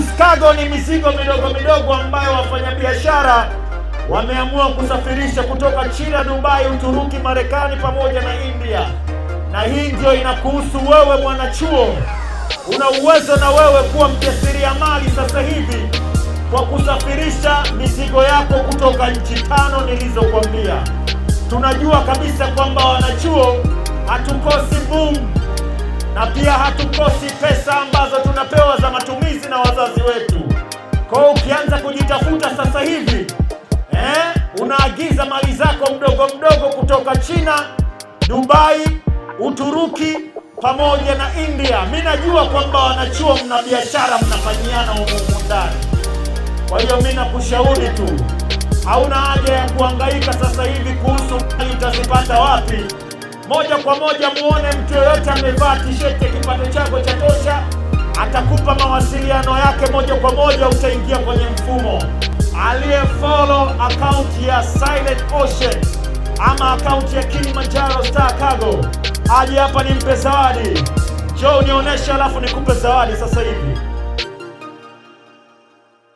Goods Cargo ni mizigo midogo midogo ambayo wafanyabiashara wameamua kusafirisha kutoka China, Dubai, Uturuki, Marekani pamoja na India. Na hii ndio inakuhusu wewe mwanachuo. Una uwezo na wewe kuwa mjasiriamali sasa hivi kwa kusafirisha mizigo yako kutoka nchi tano nilizokwambia. Tunajua kabisa kwamba wanachuo hatukosi boom na pia hatukosi pesa ambazo tunapewa unaanza kujitafuta sasa hivi eh? Unaagiza mali zako mdogo mdogo kutoka China, Dubai, Uturuki pamoja na India. Mi najua kwamba wanachuo, mna biashara mnafanyiana humu ndani. Kwa hiyo mi nakushauri tu, hauna haja ya kuhangaika sasa hivi kuhusu mali utazipata wapi. Moja kwa moja muone mtu yoyote amevaa tisheti ya kipato chako cha utampa mawasiliano yake moja kwa moja, utaingia kwenye mfumo. aliye follow akaunti ya Silent Ocean ama akaunti ya Kilimanjaro Star Cargo aje hapa nimpe zawadi. Njoo unionyeshe, alafu nikupe zawadi sasa hivi.